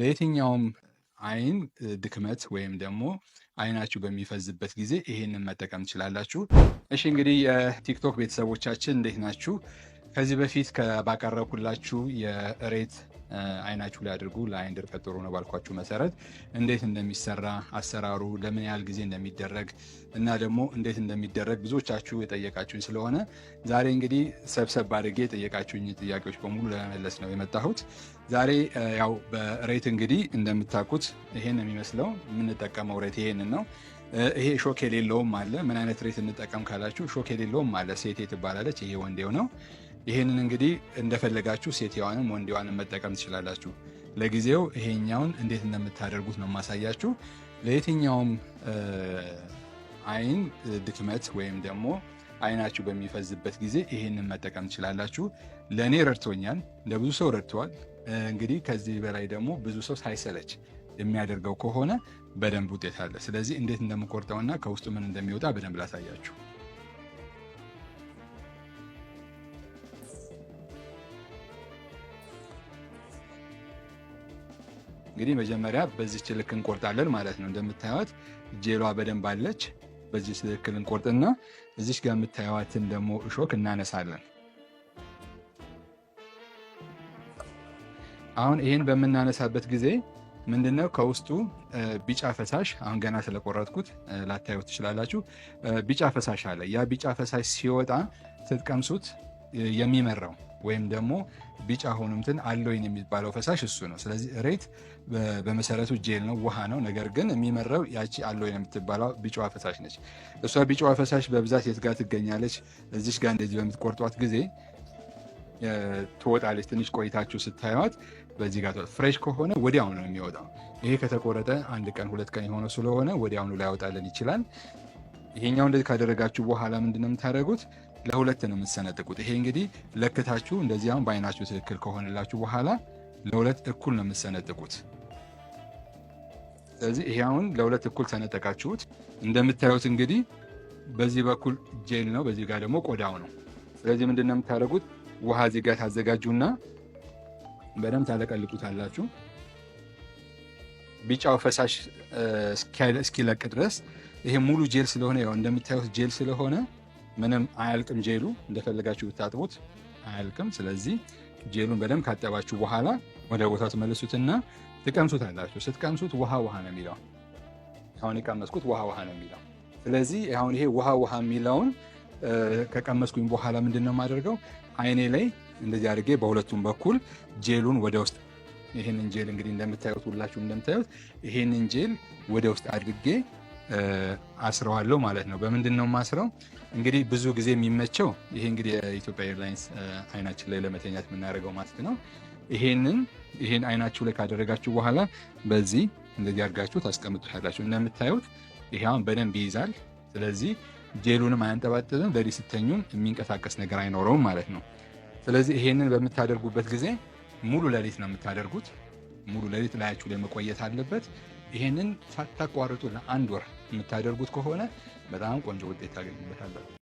ለየትኛውም አይን ድክመት ወይም ደግሞ አይናችሁ በሚፈዝበት ጊዜ ይሄንን መጠቀም ትችላላችሁ። እሺ እንግዲህ የቲክቶክ ቤተሰቦቻችን እንዴት ናችሁ? ከዚህ በፊት ባቀረብኩላችሁ የእሬት አይናችሁ ላይ አድርጉ። ለአይን ድርቀት ጥሩ ነው ባልኳችሁ መሰረት እንዴት እንደሚሰራ አሰራሩ፣ ለምን ያህል ጊዜ እንደሚደረግ እና ደግሞ እንዴት እንደሚደረግ ብዙዎቻችሁ የጠየቃችሁኝ ስለሆነ ዛሬ እንግዲህ ሰብሰብ አድርጌ የጠየቃችሁኝ ጥያቄዎች በሙሉ ለመመለስ ነው የመጣሁት። ዛሬ ያው በሬት እንግዲህ እንደምታውቁት ይሄን የሚመስለው የምንጠቀመው ሬት ይሄንን ነው። ይሄ ሾክ የሌለውም አለ። ምን አይነት ሬት እንጠቀም ካላችሁ ሾክ የሌለውም አለ። ሴቴ ትባላለች። ይሄ ወንዴው ነው። ይህንን እንግዲህ እንደፈለጋችሁ ሴትዋንም ወንድዋንም መጠቀም ትችላላችሁ። ለጊዜው ይሄኛውን እንዴት እንደምታደርጉት ነው ማሳያችሁ። ለየትኛውም አይን ድክመት ወይም ደግሞ አይናችሁ በሚፈዝበት ጊዜ ይሄንን መጠቀም ትችላላችሁ። ለእኔ ረድቶኛል፣ ለብዙ ሰው ረድተዋል። እንግዲህ ከዚህ በላይ ደግሞ ብዙ ሰው ሳይሰለች የሚያደርገው ከሆነ በደንብ ውጤት አለ። ስለዚህ እንዴት እንደምቆርጠውና ከውስጡ ምን እንደሚወጣ በደንብ ላሳያችሁ። እንግዲህ መጀመሪያ በዚች ልክ እንቆርጣለን ማለት ነው። እንደምታዩት ጄሏ በደንብ አለች። በዚች ልክ እንቆርጥና እዚች ጋር የምታዩትን ደግሞ እሾክ እናነሳለን። አሁን ይህን በምናነሳበት ጊዜ ምንድነው ከውስጡ ቢጫ ፈሳሽ አሁን ገና ስለቆረጥኩት ላታዩት ትችላላችሁ። ቢጫ ፈሳሽ አለ። ያ ቢጫ ፈሳሽ ሲወጣ ስትቀምሱት የሚመራው ወይም ደግሞ ቢጫ ሆኖ እንትን አሎይን የሚባለው ፈሳሽ እሱ ነው። ስለዚህ እሬት በመሰረቱ ጄል ነው፣ ውሃ ነው። ነገር ግን የሚመረው ያቺ አለወይን የምትባለው ቢጫዋ ፈሳሽ ነች። እሷ ቢጫዋ ፈሳሽ በብዛት የት ጋር ትገኛለች? እዚች ጋር እንደዚህ በምትቆርጧት ጊዜ ትወጣለች። ትንሽ ቆይታችሁ ስታዩት በዚህ ጋር ፍሬሽ ከሆነ ወዲያው ነው የሚወጣው። ይሄ ከተቆረጠ አንድ ቀን ሁለት ቀን የሆነ ስለሆነ ወዲያውኑ ላይወጣለን ይችላል። ይሄኛው እንደዚህ ካደረጋችሁ በኋላ ምንድነው የምታደርጉት? ለሁለት ነው የምትሰነጥቁት። ይሄ እንግዲህ ለክታችሁ እንደዚህ አሁን በአይናችሁ ትክክል ከሆነላችሁ በኋላ ለሁለት እኩል ነው የምትሰነጥቁት። ስለዚህ ይሄ አሁን ለሁለት እኩል ሰነጠቃችሁት። እንደምታዩት እንግዲህ በዚህ በኩል ጄል ነው፣ በዚህ ጋር ደግሞ ቆዳው ነው። ስለዚህ ምንድን ነው የምታደርጉት? ውሃ እዚህ ጋር ታዘጋጁና በደንብ ታለቀልቁታላችሁ ቢጫው ፈሳሽ እስኪለቅ ድረስ ይሄ ሙሉ ጄል ስለሆነ ያው እንደምታዩት ጄል ስለሆነ ምንም አያልቅም ጄሉ። እንደፈለጋችሁ ብታጥቡት አያልቅም። ስለዚህ ጄሉን በደንብ ካጠባችሁ በኋላ ወደ ቦታ ትመልሱትና ትቀምሱት አላችሁ። ስትቀምሱት ውሃ ውሃ ነው የሚለው አሁን የቀመስኩት ውሃ ውሃ ነው የሚለው። ስለዚህ አሁን ይሄ ውሃ ውሃ የሚለውን ከቀመስኩኝ በኋላ ምንድን ነው የማደርገው? አይኔ ላይ እንደዚህ አድርጌ በሁለቱም በኩል ጄሉን ወደ ውስጥ ይህንን ጄል እንግዲህ እንደምታዩት ሁላችሁ እንደምታዩት ይህንን ጄል ወደ ውስጥ አድርጌ አስረዋለሁ ማለት ነው። በምንድን ነው ማስረው? እንግዲህ ብዙ ጊዜ የሚመቸው ይሄ እንግዲህ የኢትዮጵያ ኤርላይንስ አይናችን ላይ ለመተኛት የምናደርገው ማስክ ነው። ይሄንን ይሄን አይናችሁ ላይ ካደረጋችሁ በኋላ በዚህ እንደዚህ አድርጋችሁ ታስቀምጡታላችሁ። እንደምታዩት ይሄ አሁን በደንብ ይይዛል። ስለዚህ ጄሉንም አያንጠባጥብም፣ ለዲ ስተኙም የሚንቀሳቀስ ነገር አይኖረውም ማለት ነው። ስለዚህ ይሄንን በምታደርጉበት ጊዜ ሙሉ ለሊት ነው የምታደርጉት። ሙሉ ሌሊት ላያችሁ ላይ መቆየት አለበት። ይህንን ሳታቋርጡ ለአንድ ወር የምታደርጉት ከሆነ በጣም ቆንጆ ውጤት ታገኝበታለ።